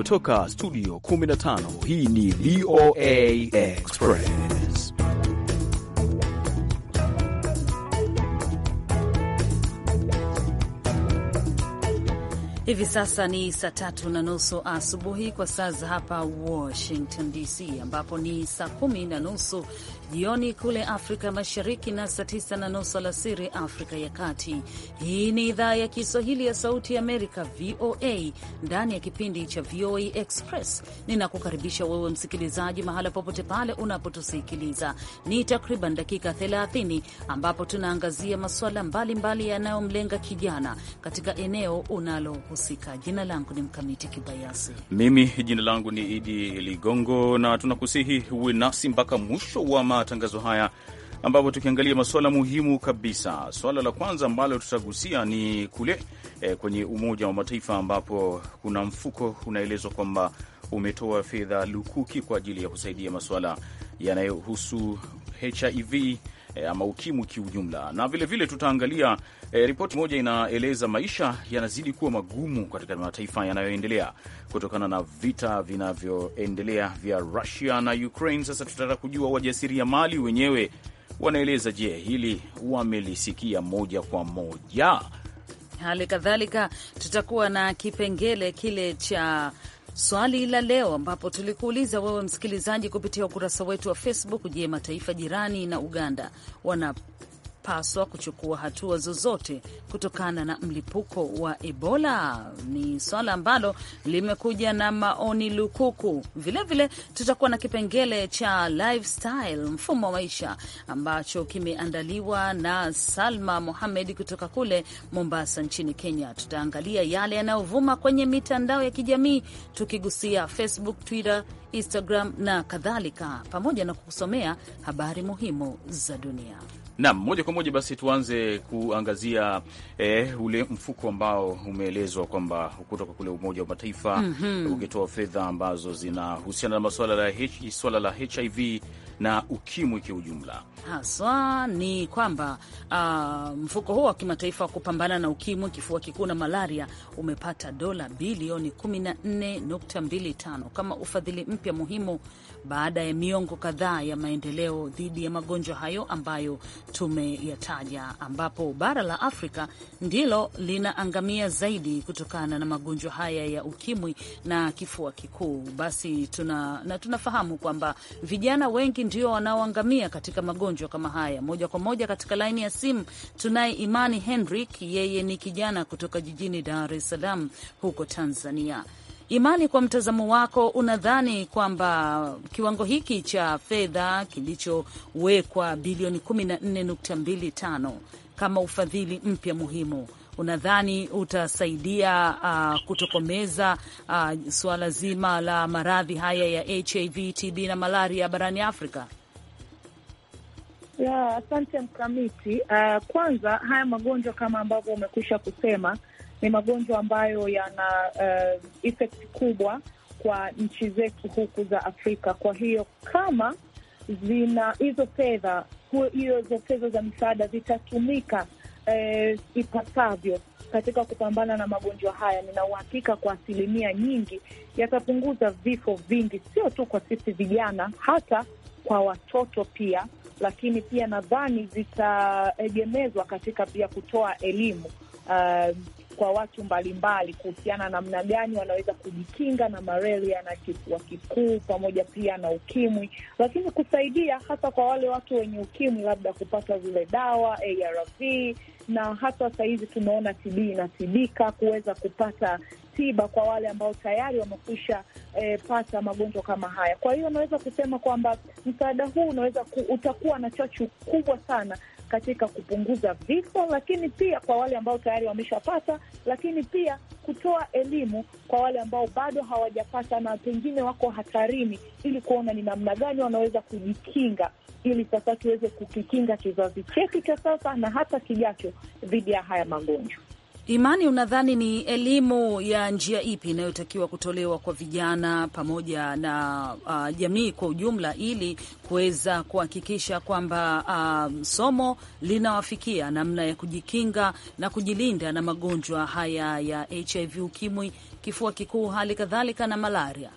kutoka studio 15 hii ni VOA Express. Hivi sasa ni saa tatu na nusu asubuhi kwa saa za hapa Washington DC, ambapo ni saa kumi na nusu jioni kule Afrika Mashariki na saa tisa na nusu alasiri Afrika ya Kati. Hii ni idhaa ya Kiswahili ya Sauti ya Amerika, VOA, ndani ya kipindi cha VOA Express. Ninakukaribisha wewe msikilizaji, mahala popote pale unapotusikiliza. Ni takriban dakika 30 ambapo tunaangazia masuala mbalimbali yanayomlenga kijana katika eneo unalohusika. Jina langu ni Mkamiti Kibayasi. Mimi jina langu ni Idi Ligongo, na tunakusihi uwe nasi mpaka mwisho wa ma matangazo haya ambapo tukiangalia masuala muhimu kabisa. Suala la kwanza ambalo tutagusia ni kule e, kwenye Umoja wa Mataifa ambapo kuna mfuko unaelezwa kwamba umetoa fedha lukuki kwa ajili ya kusaidia masuala yanayohusu HIV e, ama ukimwi kiujumla, na vilevile tutaangalia e, ripoti moja inaeleza maisha yanazidi kuwa magumu katika mataifa yanayoendelea kutokana na vita vinavyoendelea vya Rusia na Ukraine. Sasa tutataka kujua wajasiriamali wenyewe wanaeleza, je, hili wamelisikia moja kwa moja? Hali kadhalika tutakuwa na kipengele kile cha swali la leo, ambapo tulikuuliza wewe msikilizaji kupitia ukurasa wetu wa Facebook. Je, mataifa jirani na Uganda wana wanapaswa kuchukua hatua zozote kutokana na mlipuko wa Ebola. Ni swala ambalo limekuja na maoni lukuku. Vilevile tutakuwa na kipengele cha lifestyle, mfumo wa maisha, ambacho kimeandaliwa na Salma Mohamed kutoka kule Mombasa nchini Kenya. Tutaangalia yale yanayovuma kwenye mitandao ya kijamii tukigusia Facebook, Twitter, Instagram na kadhalika, pamoja na kukusomea habari muhimu za dunia. Naam, moja kwa moja basi tuanze kuangazia eh, ule mfuko ambao umeelezwa kwamba kutoka kule Umoja wa Mataifa mm -hmm. ukitoa fedha ambazo zinahusiana na masuala la, swala la HIV na ukimwi kiujumla, haswa ni kwamba uh, mfuko huo wa kimataifa wa kupambana na ukimwi, kifua kikuu na malaria umepata dola bilioni 14.25 kama ufadhili mpya muhimu baada ya miongo kadhaa ya maendeleo dhidi ya magonjwa hayo ambayo tumeyataja, ambapo bara la Afrika ndilo linaangamia zaidi kutokana na magonjwa haya ya ukimwi na kifua kikuu. Basi tuna, na tunafahamu kwamba vijana wengi ndio wanaoangamia katika magonjwa kama haya. Moja kwa moja katika laini ya simu tunaye Imani Henrik, yeye ni kijana kutoka jijini Dar es Salaam huko Tanzania. Imani, kwa mtazamo wako, unadhani kwamba kiwango hiki cha fedha kilichowekwa bilioni 14.25 kama ufadhili mpya muhimu unadhani utasaidia uh, kutokomeza uh, suala zima la maradhi haya ya HIV, TB na malaria barani Afrika? Asante yeah, mkamiti. Uh, kwanza haya magonjwa kama ambavyo umekwisha kusema ni magonjwa ambayo yana uh, effect kubwa kwa nchi zetu huku za Afrika. Kwa hiyo kama zina hizo fedha hizo fedha za misaada zitatumika eh, ipasavyo katika kupambana na magonjwa haya, nina uhakika kwa asilimia nyingi yatapunguza vifo vingi, sio tu kwa sisi vijana, hata kwa watoto pia. Lakini pia nadhani zitaegemezwa katika pia kutoa elimu uh, kwa watu mbalimbali kuhusiana na namna gani wanaweza kujikinga na malaria na kifua kikuu pamoja pia na ukimwi, lakini kusaidia hasa kwa wale watu wenye ukimwi labda kupata zile dawa ARV na hata sahizi tumeona TB inatibika, kuweza kupata tiba kwa wale ambao tayari wamekwisha e, pata magonjwa kama haya. Kwa hiyo unaweza kusema kwamba msaada huu unaweza ku, utakuwa na chachu kubwa sana katika kupunguza vifo, lakini pia kwa wale ambao tayari wameshapata, lakini pia kutoa elimu kwa wale ambao bado hawajapata na pengine wako hatarini, ili kuona ni namna gani wanaweza kujikinga, ili sasa tuweze kukikinga kizazi chetu cha sasa na hata kijacho dhidi ya haya magonjwa. Imani, unadhani ni elimu ya njia ipi inayotakiwa kutolewa kwa vijana pamoja na uh, jamii kwa ujumla ili kuweza kuhakikisha kwamba uh, somo linawafikia namna ya kujikinga na kujilinda na magonjwa haya ya HIV, ukimwi, kifua kikuu, hali kadhalika na malaria?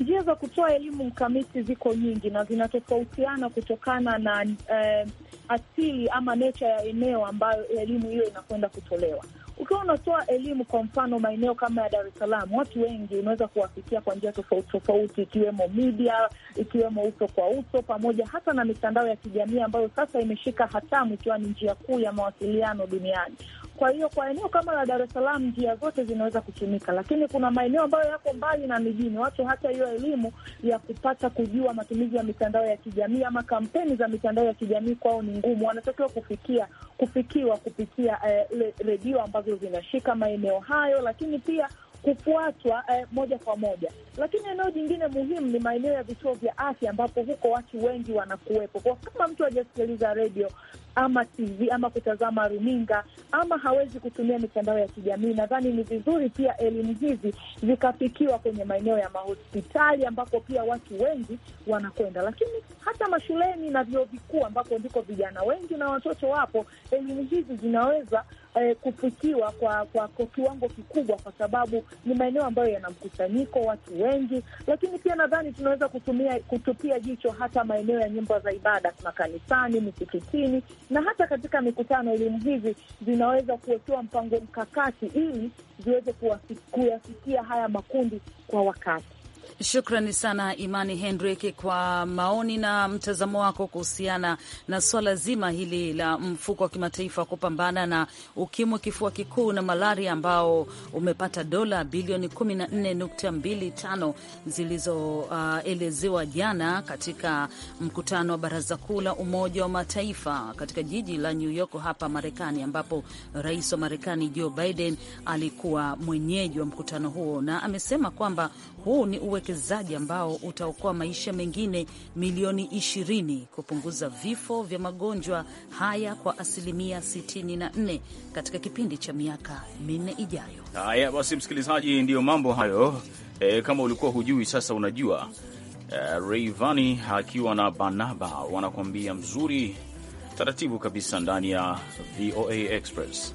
Njia za kutoa elimu mkamiti ziko nyingi na zinatofautiana kutokana na eh, asili ama necha ya eneo ambayo elimu hiyo inakwenda kutolewa. Ukiwa unatoa elimu, kwa mfano maeneo kama ya Dar es Salaam, watu wengi unaweza kuwafikia kwa njia tofauti tofauti, ikiwemo media, ikiwemo uso kwa uso, pamoja hata na mitandao ya kijamii ambayo sasa imeshika hatamu ikiwa ni njia kuu ya mawasiliano duniani. Kwa hiyo kwa eneo kama la Dar es Salaam njia zote zinaweza kutumika, lakini kuna maeneo ambayo yako mbali na mijini, watu hata hiyo elimu ya kupata kujua matumizi ya mitandao ya kijamii ama kampeni za mitandao ya kijamii kwao ni ngumu, wanatakiwa kufikia kufikiwa kupitia eh, redio ambazo zinashika maeneo hayo, lakini pia kufuatwa eh, moja kwa moja. Lakini eneo jingine muhimu ni maeneo ya vituo vya afya, ambapo huko watu wengi wanakuwepo. Kwa kama mtu hajasikiliza redio ama TV ama kutazama runinga ama hawezi kutumia mitandao ya kijamii, nadhani ni vizuri pia elimu hizi zikafikiwa kwenye maeneo ya mahospitali, ambapo pia watu wengi wanakwenda, lakini hata mashuleni na vyuo vikuu, ambapo ndiko vijana wengi na watoto wapo, elimu hizi zinaweza eh, kufikiwa kwa, kwa, kwa kiwango kikubwa, kwa sababu ni maeneo ambayo yana mkusanyiko watu wengi, lakini pia nadhani tunaweza kutumia kutupia jicho hata maeneo ya nyumba za ibada makanisani, misikitini na hata katika mikutano. Elimu hizi zinaweza kuwekewa mpango mkakati ili ziweze kuyafikia haya makundi kwa wakati. Shukrani sana Imani Hendrik kwa maoni na mtazamo wako kuhusiana na swala zima hili la mfuko wa kimataifa wa kupambana na ukimwi, kifua kikuu na malaria ambao umepata dola bilioni 14.25 zilizoelezewa uh, jana katika mkutano wa Baraza Kuu la Umoja wa Mataifa katika jiji la New York hapa Marekani, ambapo rais wa Marekani Joe Biden alikuwa mwenyeji wa mkutano huo na amesema kwamba huu ni uwekezaji ambao utaokoa maisha mengine milioni 20, kupunguza vifo vya magonjwa haya kwa asilimia 64 katika kipindi cha miaka minne ijayo. Haya basi, msikilizaji, ndiyo mambo hayo. E, kama ulikuwa hujui, sasa unajua. E, Rayvanny akiwa na Banaba wanakuambia mzuri taratibu kabisa ndani ya VOA Express.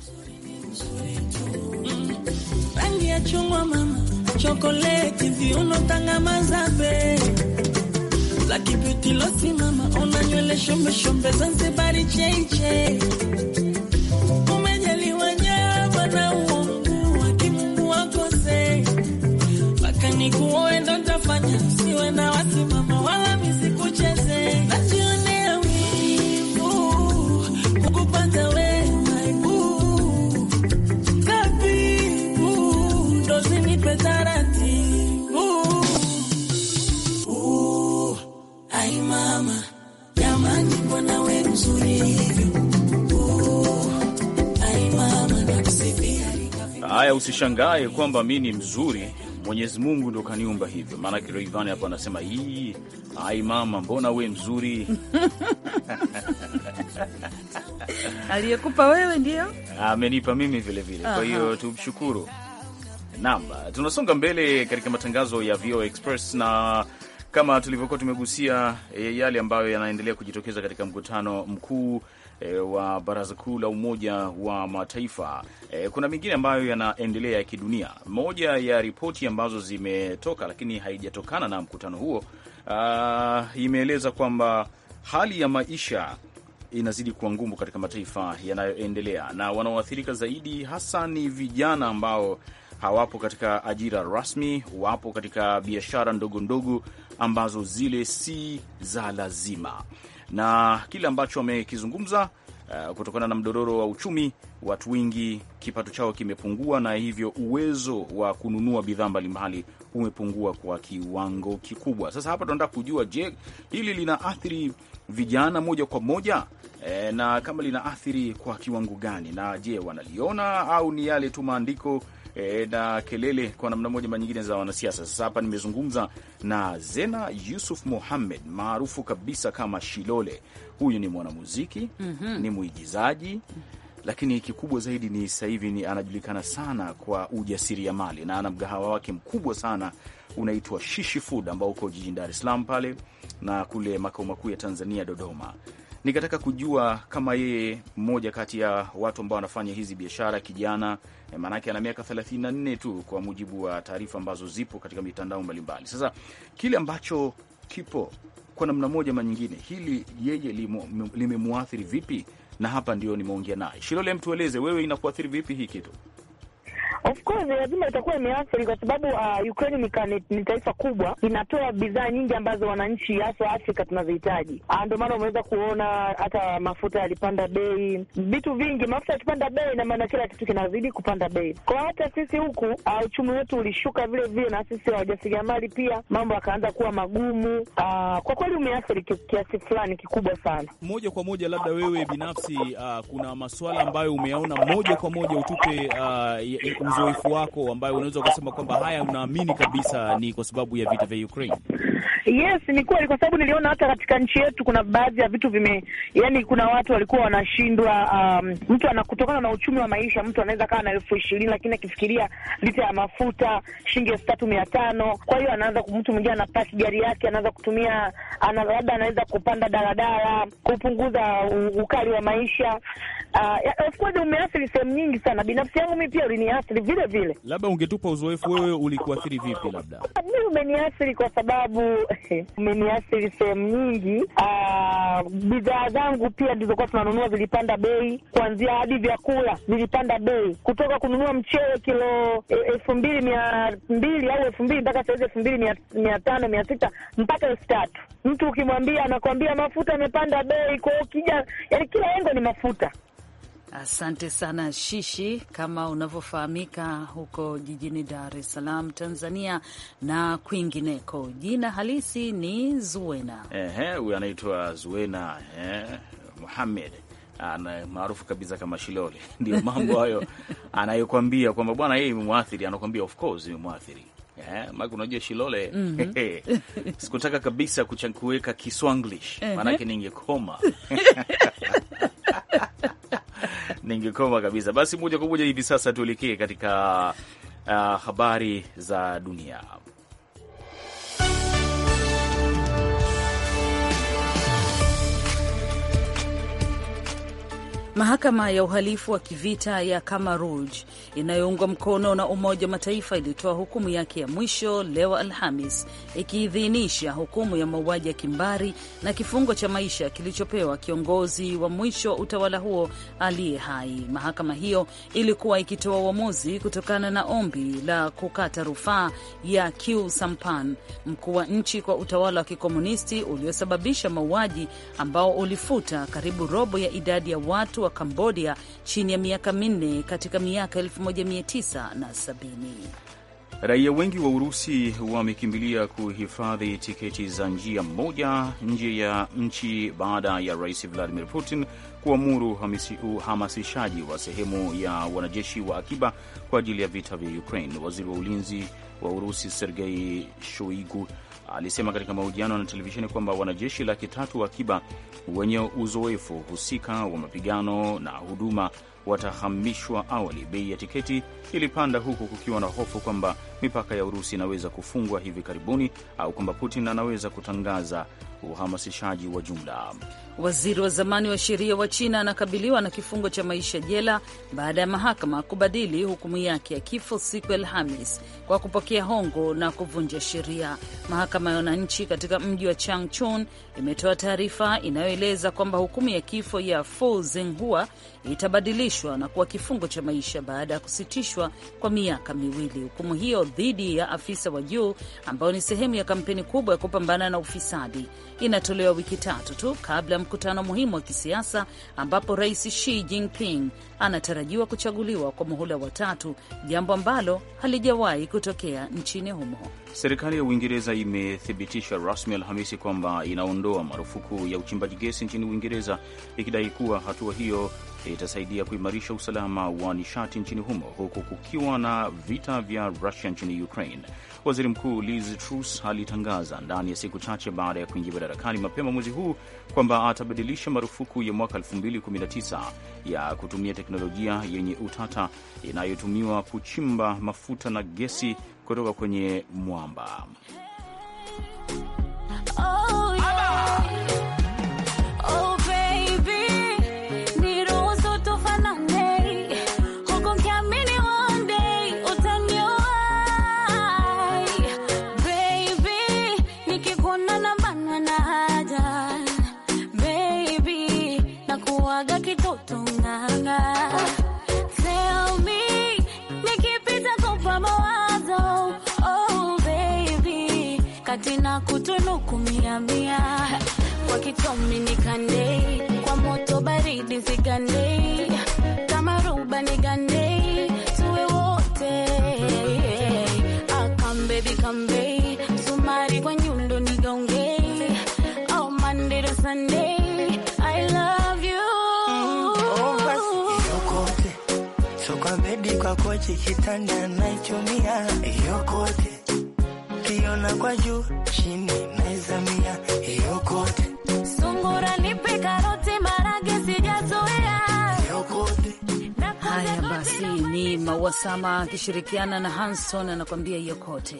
Rangi ya chungwa mama chokoleti, viuno tangamazabe la kibuti losimama, ona nywele shombe shombe, Zanzibari cheche umejaliwa nyama na uongo wa kimungu wakose, mpaka nikuoe ndo ntafanya, usiwe na wasima Haya, usishangae kwamba mi ni mzuri, Mwenyezi Mungu ndo kaniumba hivyo. Maanake Rayvanny hapo anasema hii, ai mama, mbona we mzuri aliyekupa wewe ndio amenipa mimi vilevile. Kwa hiyo tumshukuru. Naam, tunasonga mbele katika matangazo ya VOA Express na kama tulivyokuwa tumegusia eh, yale ambayo yanaendelea kujitokeza katika mkutano mkuu e, wa Baraza Kuu la Umoja wa Mataifa. E, kuna mengine ambayo yanaendelea ya kidunia. Moja ya ripoti ambazo zimetoka lakini haijatokana na mkutano huo, uh, imeeleza kwamba hali ya maisha inazidi kuwa ngumu katika mataifa yanayoendelea na wanaoathirika zaidi hasa ni vijana ambao hawapo katika ajira rasmi, wapo katika biashara ndogo ndogo ambazo zile si za lazima na kile ambacho wamekizungumza uh, eh, kutokana na mdororo wa uchumi, watu wengi kipato chao kimepungua, na hivyo uwezo wa kununua bidhaa mbalimbali umepungua kwa kiwango kikubwa. Sasa hapa tunataka kujua, je, hili linaathiri vijana moja kwa moja e, na kama linaathiri kwa kiwango gani, na je wanaliona au ni yale tu maandiko eh, na kelele kwa namna moja ama nyingine za wanasiasa. Sasa hapa nimezungumza na Zena Yusuf Muhammed maarufu kabisa kama Shilole. Huyu ni mwanamuziki mm -hmm. ni mwigizaji lakini kikubwa zaidi ni sasa hivi ni anajulikana sana kwa ujasiriamali na ana mgahawa wake mkubwa sana unaitwa Shishi Food ambao uko jijini Dar es Salaam pale na kule makao makuu ya Tanzania Dodoma nikataka kujua kama yeye mmoja kati ya watu ambao wanafanya hizi biashara kijana, eh, maanake ana miaka 34 tu, kwa mujibu wa taarifa ambazo zipo katika mitandao mbalimbali. Sasa kile ambacho kipo kwa namna moja ama nyingine, hili yeye limemwathiri vipi? Na hapa ndio nimeongea naye. Shilole, mtueleze wewe, inakuathiri vipi hii kitu? Of course lazima itakuwa imeathiri kwa sababu uh, Ukraine ni, ni taifa kubwa, inatoa bidhaa nyingi ambazo wananchi hasa Afrika tunazihitaji. Ah, ndio maana umeweza kuona hata mafuta yalipanda bei, vitu vingi. Mafuta yakipanda bei, namaana maana kila kitu kinazidi kupanda bei. Kwa hata sisi huku uh, uchumi wetu ulishuka vile vile, na sisi wajasiriamali pia mambo yakaanza kuwa magumu. Uh, kwa kweli umeathiri kiasi fulani kikubwa sana. Moja kwa moja, labda wewe binafsi, uh, kuna maswala ambayo umeyaona moja kwa moja utupe uh, uzoefu wako ambayo unaweza ukasema kwamba haya unaamini kabisa ni kwa sababu ya vita vya Ukraine? Yes, ni kweli, kwa sababu niliona hata katika nchi yetu kuna baadhi ya vitu vime, yani kuna watu walikuwa wanashindwa. Um, mtu anakutokana na uchumi wa maisha, mtu anaweza kawa na elfu ishirini lakini akifikiria lita ya mafuta shilingi elfu tatu mia tano kwa hiyo anaanza, mtu mwingine anapaki gari yake, anaanza kutumia, labda anaweza kupanda daladala kupunguza ukali wa maisha. Uh, of course umeathiri sehemu nyingi sana. Binafsi yangu mi pia uliniathiri vile vile. Labda ungetupa uzoefu, wewe ulikuathiri vipi? Labda mi umeniathiri kwa sababu wake umeniathiri sehemu nyingi. Ah, bidhaa zangu pia ndizokuwa tunanunua zilipanda bei, kuanzia hadi vyakula vilipanda bei, kutoka kununua mchele kilo eh, elfu mbili mia mbili au elfu mbili mpaka saizi elfu mbili mia tano mia sita mpaka elfu tatu Mtu ukimwambia anakwambia mafuta amepanda bei. Kwa hiyo ukija, yani kila engo ni mafuta. Asante sana Shishi. Kama unavyofahamika huko jijini Dar es Salaam, Tanzania na kwingineko, jina halisi ni Zuena. Ehe, huyu anaitwa Zuena eh, Muhamed maarufu kabisa kama Shilole. Ndio mambo hayo anayokwambia kwamba bwana, yeye imemwathiri. Anakwambia of course imemwathiri Yeah, unajua Shilole mm -hmm. sikutaka kabisa kuweka Kiswanglish maanake ningekoma ningekoma kabisa. Basi moja kwa moja hivi sasa tuelekee katika uh, habari za dunia. Mahakama ya uhalifu wa kivita ya Kamaruj inayoungwa mkono na Umoja wa Mataifa ilitoa hukumu yake ya mwisho leo Alhamis, ikiidhinisha hukumu ya mauaji ya kimbari na kifungo cha maisha kilichopewa kiongozi wa mwisho wa utawala huo aliye hai. Mahakama hiyo ilikuwa ikitoa uamuzi kutokana na ombi la kukata rufaa ya Kiu Sampan, mkuu wa nchi, kwa utawala wa kikomunisti uliosababisha mauaji ambao ulifuta karibu robo ya idadi ya watu wa Kambodia chini ya miaka minne katika miaka 1970. Raia wengi wa Urusi wamekimbilia kuhifadhi tiketi za njia moja nje ya nchi baada ya Rais Vladimir Putin kuamuru uhamasishaji wa sehemu ya wanajeshi wa akiba kwa ajili ya vita vya Ukraine. Waziri wa ulinzi wa Urusi Sergei Shoigu alisema katika mahojiano na televisheni kwamba wanajeshi laki tatu wa akiba wenye uzoefu husika wa mapigano na huduma watahamishwa. Awali bei ya tiketi ilipanda huku kukiwa na hofu kwamba mipaka ya Urusi inaweza kufungwa hivi karibuni au kwamba Putin anaweza kutangaza uhamasishaji wa jumla. Waziri wa zamani wa sheria wa China anakabiliwa na kifungo cha maisha jela baada ya mahakama kubadili hukumu yake ya kifo siku ya Alhamis kwa kupokea hongo na kuvunja sheria. Mahakama ya wananchi katika mji wa Changchun imetoa taarifa inayoeleza kwamba hukumu ya kifo ya Fu Zenghua itabadilishwa na kuwa kifungo cha maisha baada ya kusitishwa kwa miaka miwili. Hukumu hiyo dhidi ya afisa wa juu ambayo ni sehemu ya kampeni kubwa ya kupambana na ufisadi inatolewa wiki tatu tu kabla ya mkutano muhimu wa kisiasa ambapo Rais Xi Jinping anatarajiwa kuchaguliwa kwa muhula wa tatu, jambo ambalo halijawahi kutokea nchini humo. Serikali ya Uingereza imethibitisha rasmi Alhamisi kwamba inaondoa marufuku ya uchimbaji gesi nchini Uingereza, ikidai kuwa hatua hiyo itasaidia kuimarisha usalama wa nishati nchini humo huku kukiwa na vita vya Rusia nchini Ukraine. Waziri Mkuu Liz Truss alitangaza ndani ya siku chache baada ya kuingia madarakani mapema mwezi huu kwamba atabadilisha marufuku ya mwaka 2019 ya kutumia teknolojia yenye utata inayotumiwa kuchimba mafuta na gesi kutoka kwenye mwamba. Oh, yeah. Maua Sama akishirikiana na Hanson anakuambia yokote.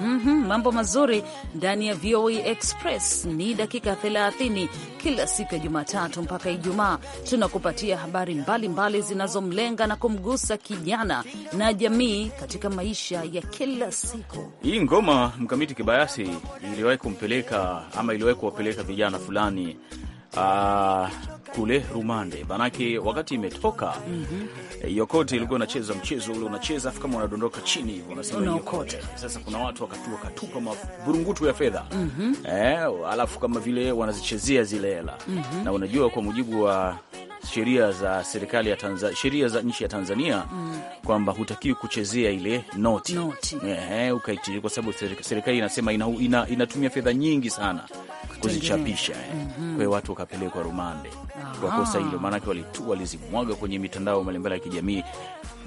Mm -hmm, mambo mazuri ndani ya VOA Express ni dakika 30 kila siku ya Jumatatu mpaka Ijumaa, tunakupatia habari mbalimbali zinazomlenga na kumgusa kijana na jamii katika maisha ya kila siku. Hii ngoma mkamiti kibayasi iliwahi kumpeleka ama iliwahi kuwapeleka vijana fulani, uh, kule rumande, manake wakati imetoka mm -hmm. ilikuwa unacheza mchezo ule, unacheza afu kama unadondoka chini hivyo unasema Sasa kuna watu wakatu wakatupa maburungutu ya fedha mm -hmm. eh, alafu kama vile wanazichezea zile hela mm -hmm. na unajua kwa mujibu wa sheria za serikali ya Tanzania, sheria za nchi ya Tanzania mm. kwamba hutakiwi kuchezea ile noti, noti. Ehe, ukaiti kwa sababu serikali inasema ina, ina, inatumia fedha nyingi sana kuzichapisha eh. mm -hmm. Kwa hiyo watu wakapelekwa rumande kwa kosa hilo, maanake walitu walizimwaga kwenye mitandao mbalimbali ya kijamii.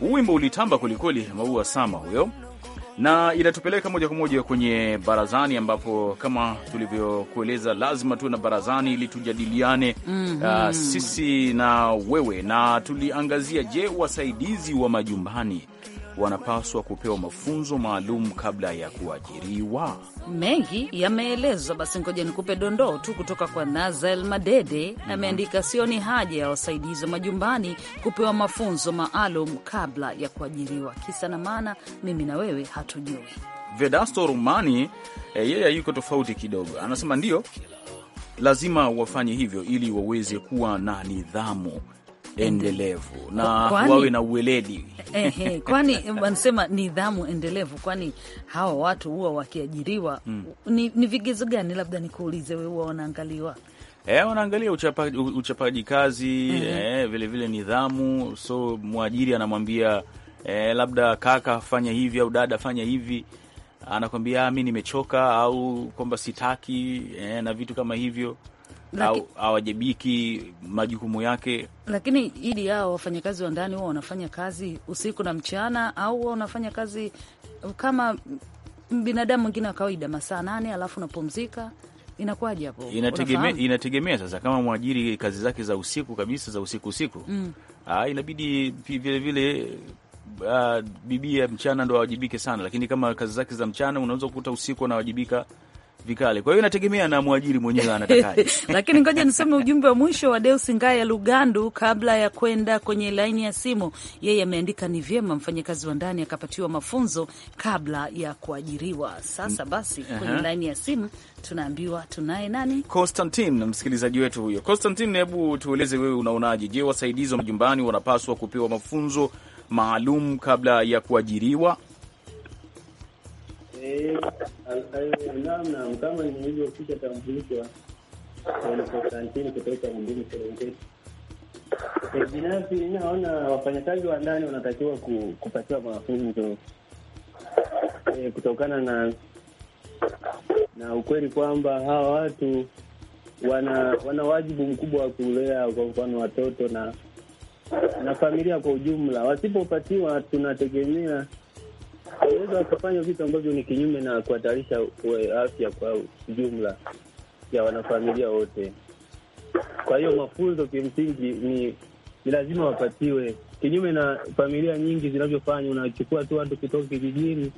Wimbo ulitamba kwelikweli, Maua Sama huyo, na inatupeleka moja kwa moja kwenye barazani, ambapo kama tulivyokueleza lazima tuwe na barazani ili tujadiliane mm -hmm. uh, sisi na wewe, na tuliangazia, je, wasaidizi wa majumbani wanapaswa kupewa mafunzo maalum kabla ya kuajiriwa. Mengi yameelezwa, basi ngoja nikupe dondoo tu kutoka kwa Nazael Madede. mm -hmm. Ameandika sio ni haja ya wasaidizi wa majumbani kupewa mafunzo maalum kabla ya kuajiriwa. Kisa na maana, mimi na wewe hatujui. Vedasto Rumani eh, yeye yuko tofauti kidogo, anasema ndio lazima wafanye hivyo ili waweze kuwa na nidhamu endelevu na wawe na uweledi eh, eh, kwani wanasema nidhamu endelevu, kwani hawa watu huwa wakiajiriwa mm. ni, ni vigezo gani? Labda nikuulize wewe, huwa wanaangaliwa eh, wanaangalia uchapaji, uchapaji kazi mm -hmm. eh, vilevile nidhamu, so mwajiri anamwambia eh, labda kaka fanya hivi au dada fanya hivi anakwambia ah, mi nimechoka, au kwamba sitaki eh, na vitu kama hivyo hawajibiki majukumu yake. Lakini idi yao wafanyakazi wa ndani huwa wanafanya kazi usiku na mchana, au huwa wanafanya kazi kama binadamu mwingine wa kawaida, masaa nane alafu unapumzika Inakuwaje hapo? Inategemea, inategemea sasa, kama mwajiri kazi zake za usiku kabisa za usiku usiku, mm. Aa, ah, inabidi vilevile vile, ah, bibia mchana ndo awajibike sana, lakini kama kazi zake za mchana unaweza kukuta usiku anawajibika vikali. Kwa hiyo inategemea na mwajiri mwenyewe anatakaje. Lakini ngoja nisome ujumbe wa mwisho wa Deus Ngaya Lugandu kabla ya kwenda kwenye laini ya simu. Yeye ameandika ni vyema mfanyakazi wa ndani akapatiwa mafunzo kabla ya kuajiriwa. Sasa mm. basi, uh -huh. kwenye laini ya simu tunaambiwa tunaye nani? Constantine, msikilizaji wetu huyo. Constantine, hebu tueleze wewe unaonaje? Je, wasaidizi wa majumbani wanapaswa kupewa mafunzo maalum kabla ya kuajiriwa? Naam, kama nilivyokwisha tambulishwa Konstantini kutoka Bumbuli Serengeti, binafsi ninaona wafanyakazi wa ndani wanatakiwa kupatiwa mafunzo kutokana na na ukweli kwamba hawa watu wana wana wajibu mkubwa wa kulea kwa mfano watoto na na familia kwa ujumla. Wasipopatiwa, tunategemea wanaweza wakafanya vitu ambavyo ni kinyume na kuhatarisha afya kwa jumla ya wanafamilia wote. Kwa hiyo mafunzo kimsingi ni ni lazima wapatiwe, kinyume na familia nyingi zinavyofanya. Unachukua tu watu kutoka kijijini,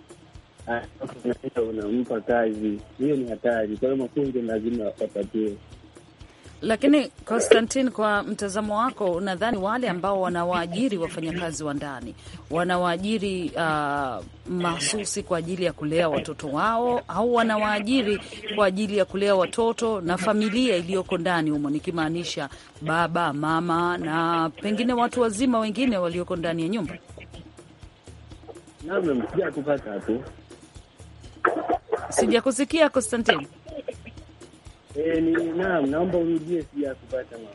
unaenda unampa kazi, hiyo ni hatari. Kwa hiyo mafunzo lazima wapatiwe. Lakini Konstantin, kwa mtazamo wako, unadhani wale ambao wanawaajiri wafanyakazi wa ndani wanawaajiri uh, mahsusi kwa ajili ya kulea watoto wao au wanawaajiri kwa ajili ya kulea watoto na familia iliyoko ndani humo, nikimaanisha baba, mama na pengine watu wazima wengine walioko ndani ya nyumba? Sijakusikia Konstantin. E, ni naam, naomba urudie, sija kupata mama.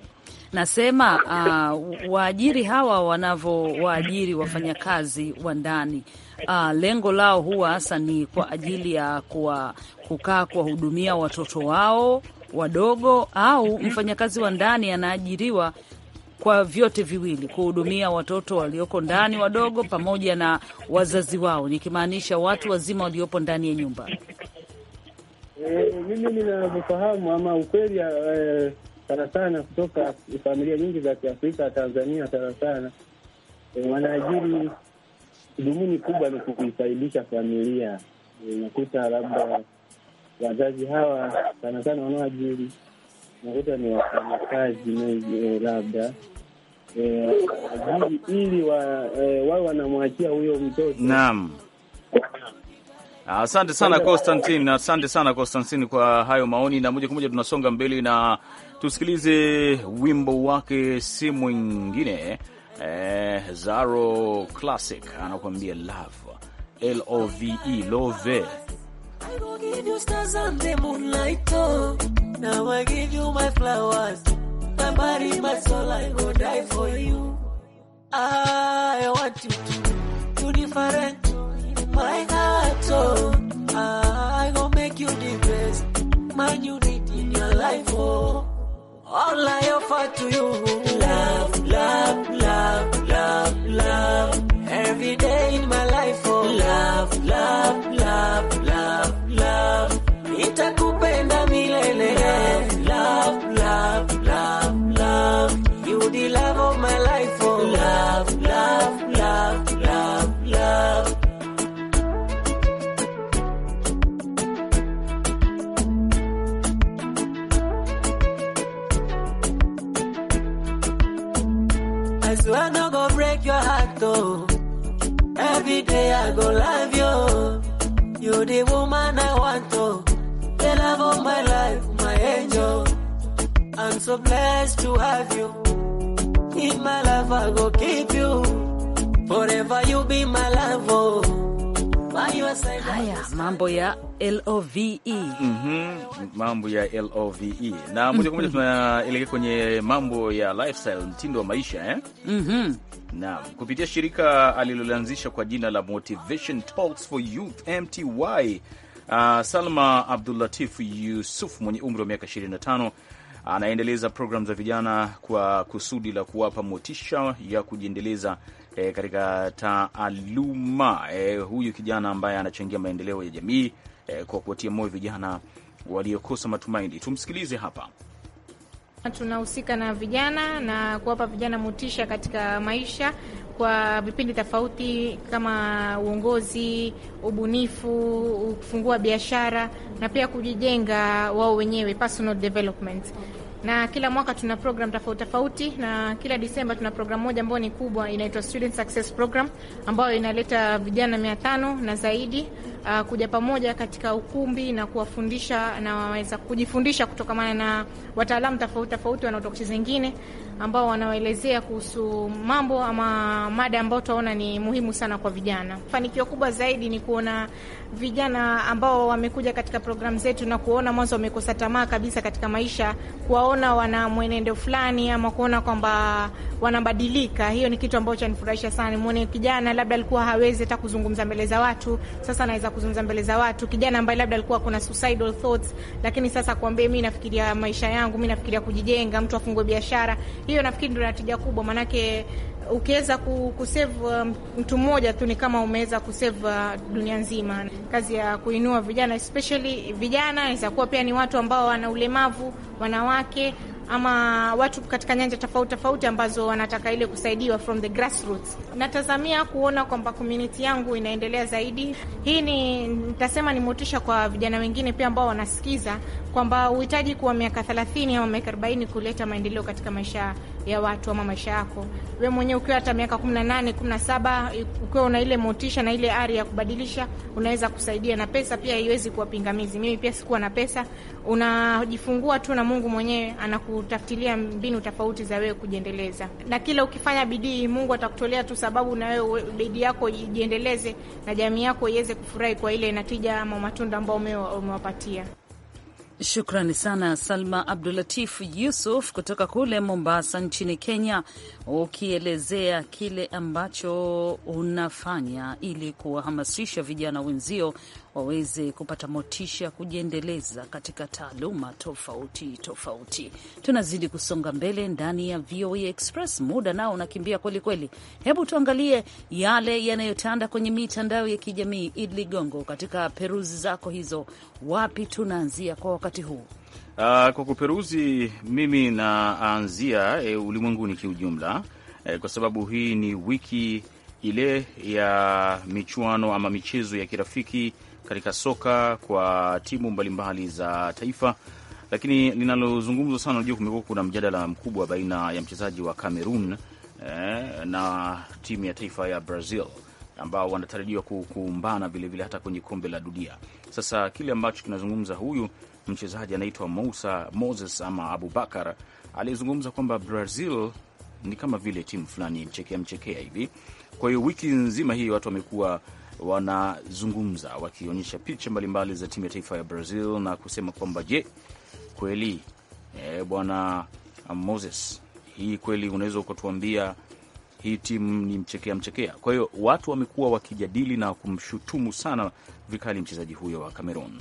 Nasema uh, waajiri hawa wanavyowaajiri wafanyakazi wa ndani uh, lengo lao huwa hasa ni kwa ajili ya kuwa, kukaa kuwahudumia watoto wao wadogo, au mfanyakazi wa ndani anaajiriwa kwa vyote viwili kuhudumia watoto walioko ndani wadogo pamoja na wazazi wao, nikimaanisha watu wazima waliopo ndani ya nyumba. Eh, mimi ninavyofahamu ama ukweli eh, sana sana kutoka familia nyingi za Kiafrika Tanzania sana sana eh, wanaajiri dhumuni kubwa ni kuifaidisha familia. Unakuta labda wazazi hawa sana sana wanaoajiri unakuta ni wafanyakazi eh, labda ajiri ili wa, wao wanamwachia huyo mtoto naam Asante sana Constantine, asante sana Constantine kwa hayo maoni, na moja kwa moja tunasonga mbele na tusikilize wimbo wake si mwingine eh, Zaro Classic anakuambia love L O V E love My heart, oh, I gon' make you the best man you need in your life, oh. All I offer to you, love, love, love, love, love. gonna break your heart though. Every day I go love you. You're the woman I want to. The love of my life, my angel. I'm so blessed to have you. In my life I go keep you. Forever you be my love. Oh. Haya, mambo ya love mm -hmm. mambo ya love na moja kwa moja mhm. tunaelekea kwenye mambo ya lifestyle, mtindo wa maisha eh? mm -hmm. Na kupitia shirika aliloanzisha kwa jina la Motivation Talks for Youth MTY, uh, Salma Abdulatif Yusuf mwenye umri wa miaka 25 anaendeleza programu za vijana kwa kusudi la kuwapa motisha ya kujiendeleza e, katika taaluma e, huyu kijana ambaye anachangia maendeleo ya jamii e, kwa kuwatia moyo vijana waliokosa matumaini. Tumsikilize hapa. Tunahusika na vijana na kuwapa vijana motisha katika maisha kwa vipindi tofauti kama uongozi, ubunifu, kufungua biashara na pia kujijenga wao wenyewe personal development na kila mwaka tuna program tofauti tofauti, na kila Disemba tuna program moja ambayo ni kubwa inaitwa Student Success Program ambayo inaleta vijana mia tano na zaidi uh, kuja pamoja katika ukumbi na kuwafundisha na waweza kujifundisha kutokamana na wataalamu tofauti tofauti wanaotoka nchi zingine ambao wanawaelezea kuhusu mambo ama mada ambayo tunaona ni muhimu sana kwa vijana. Fanikio kubwa zaidi ni kuona vijana ambao wamekuja katika programu zetu na kuona mwanzo wamekosa tamaa kabisa katika maisha, kuwaona wana mwenendo fulani ama kuona kwamba wanabadilika. Hiyo ni kitu ambacho chanifurahisha sana, nimwone kijana labda alikuwa hawezi hata kuzungumza mbele za watu, sasa anaweza kuzungumza mbele za watu, kijana ambaye labda alikuwa kuna suicidal thoughts, lakini sasa kuambia mimi nafikiria maisha yangu, mimi nafikiria kujijenga, mtu afungue biashara, hiyo nafikiri ndio natija kubwa, maanake ukiweza kusave um, mtu mmoja tu ni kama umeweza kusave uh, dunia nzima. Kazi ya kuinua vijana especially vijana, inaweza kuwa pia ni watu ambao wana ulemavu, wanawake ama watu katika nyanja tofauti tofauti ambazo wanataka ile kusaidiwa from the grassroots. Natazamia kuona kwamba community yangu inaendelea zaidi. Hii ni nitasema ni motisha kwa vijana wengine pia ambao wanasikiza kwamba uhitaji kuwa miaka 30 ama miaka 40 kuleta maendeleo katika maisha ya watu ama maisha yako we mwenyewe. Ukiwa hata miaka 18, 17, ukiwa una ile motisha na ile ari ya kubadilisha, unaweza kusaidia, na pesa pia haiwezi kuwa pingamizi. Mimi pia sikuwa na pesa, unajifungua tu na Mungu mwenyewe anakutafutilia mbinu tofauti za wewe kujiendeleza, na kila ukifanya bidii, Mungu atakutolea tu sababu na wewe bidii yako ijiendeleze na jamii yako iweze kufurahi kwa ile natija ama matunda ambayo umewapatia. Shukrani sana Salma Abdulatif Yusuf kutoka kule Mombasa nchini Kenya, ukielezea kile ambacho unafanya ili kuwahamasisha vijana wenzio waweze kupata motisha kujiendeleza katika taaluma tofauti tofauti. Tunazidi kusonga mbele ndani ya VOA e Express, muda nao unakimbia kwelikweli. Hebu tuangalie yale yanayotanda kwenye mitandao ya kijamii. Id Ligongo, katika peruzi zako hizo, wapi tunaanzia kwa wakati huu? Uh, kwa kuperuzi mimi naanzia e, ulimwenguni kiujumla e, kwa sababu hii ni wiki ile ya michuano ama michezo ya kirafiki katika soka kwa timu mbalimbali za taifa, lakini linalozungumzwa sana, unajua, kumekuwa kuna mjadala mkubwa baina ya mchezaji wa Cameroon eh, na timu ya taifa ya Brazil ambao wanatarajiwa kukumbana vilevile hata kwenye kombe la dunia. Sasa kile ambacho kinazungumza huyu mchezaji anaitwa Mousa Moses ama Abubakar aliyezungumza kwamba Brazil ni kama vile timu fulani mchekea mchekea hivi. Kwa hiyo wiki nzima hii watu wamekuwa wanazungumza wakionyesha picha mbalimbali za timu ya taifa ya Brazil na kusema kwamba je, kweli e, bwana Moses, hii kweli unaweza ukatuambia hii timu ni mchekea mchekea? Kwa hiyo watu wamekuwa wakijadili na kumshutumu sana vikali mchezaji huyo wa Cameroon.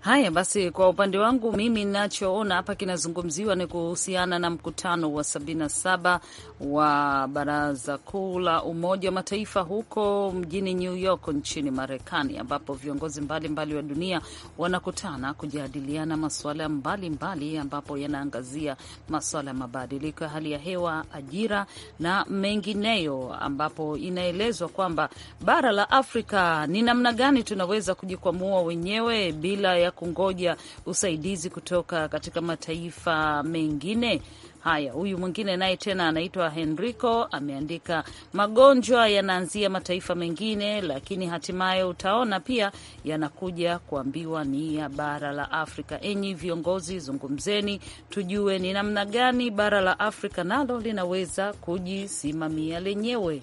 Haya basi, kwa upande wangu mimi nachoona hapa kinazungumziwa ni kuhusiana na mkutano wa 77 wa Baraza Kuu la Umoja wa Mataifa huko mjini New York nchini Marekani, ambapo viongozi mbalimbali mbali wa dunia wanakutana kujadiliana masuala mbalimbali, ambapo yanaangazia masuala ya mabadiliko ya hali ya hewa, ajira na mengineyo, ambapo inaelezwa kwamba bara la Afrika ni namna gani tunaweza kujikwamua wenyewe bila ya kuendelea kungoja usaidizi kutoka katika mataifa mengine. Haya, huyu mwingine naye tena anaitwa Henrico, ameandika magonjwa yanaanzia mataifa mengine, lakini hatimaye utaona pia yanakuja kuambiwa ni ya bara la Afrika. Enyi viongozi, zungumzeni, tujue ni namna gani bara la Afrika nalo linaweza kujisimamia lenyewe.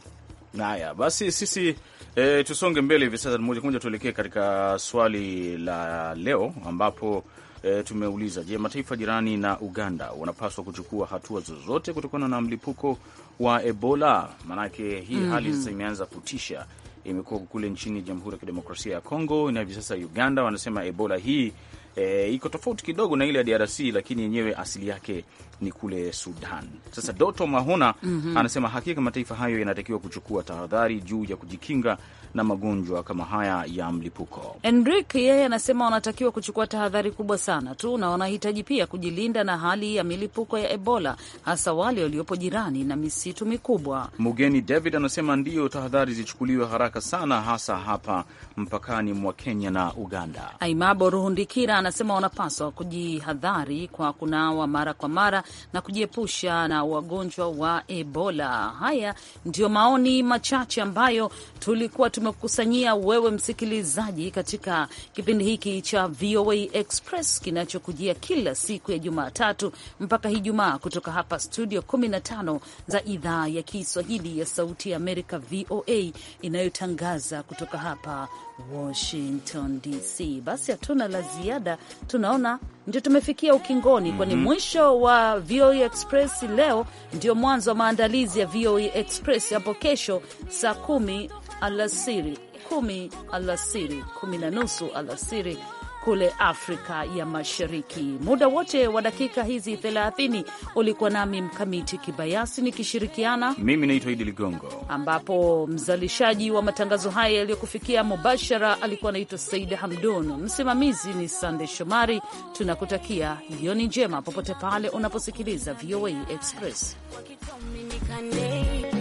Haya basi, sisi e, tusonge mbele hivi sasa, moja kwa moja tuelekee katika swali la leo ambapo e, tumeuliza je, mataifa jirani na Uganda wanapaswa kuchukua hatua zozote kutokana na mlipuko wa Ebola? Maanake hii mm -hmm. hali sasa imeanza kutisha, imekuwa kule nchini Jamhuri ya Kidemokrasia ya Kongo na hivi sasa Uganda wanasema Ebola hii e, iko tofauti kidogo na ile ya DRC, lakini yenyewe asili yake ni kule Sudan. Sasa Doto Mahona mm -hmm. anasema hakika mataifa hayo yanatakiwa kuchukua tahadhari juu ya kujikinga na magonjwa kama haya ya mlipuko. Enric yeye anasema wanatakiwa kuchukua tahadhari kubwa sana tu, na wanahitaji pia kujilinda na hali ya milipuko ya Ebola, hasa wale waliopo jirani na misitu mikubwa. Mugeni David anasema ndiyo, tahadhari zichukuliwe haraka sana, hasa hapa mpakani mwa Kenya na Uganda. Aimabo Ruhundikira anasema wanapaswa kujihadhari kwa kunawa mara kwa mara na kujiepusha na wagonjwa wa Ebola. Haya ndio maoni machache ambayo tulikuwa tumekusanyia wewe msikilizaji, katika kipindi hiki cha VOA Express kinachokujia kila siku ya Jumatatu mpaka Ijumaa kutoka hapa studio 15 za idhaa ya Kiswahili ya Sauti ya Amerika, VOA, inayotangaza kutoka hapa Washington DC. Basi hatuna la ziada tunaona ndio tumefikia ukingoni, kwani mm -hmm. mwisho wa VOA e Express leo ndio mwanzo wa maandalizi ya VOA e Express hapo kesho saa kumi alasiri, kumi alasiri, kumi na nusu alasiri kule Afrika ya Mashariki. Muda wote wa dakika hizi 30 ulikuwa nami Mkamiti Kibayasi nikishirikiana, mimi naitwa Idi Ligongo, ambapo mzalishaji wa matangazo haya yaliyokufikia mubashara alikuwa anaitwa Saida Hamdun, msimamizi ni Sande Shomari. Tunakutakia jioni njema popote pale unaposikiliza VOA Express.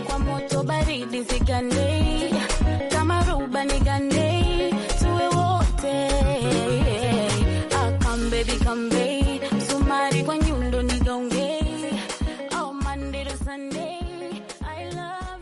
Kwa moto baridi zigande, kama ruba gande. come back.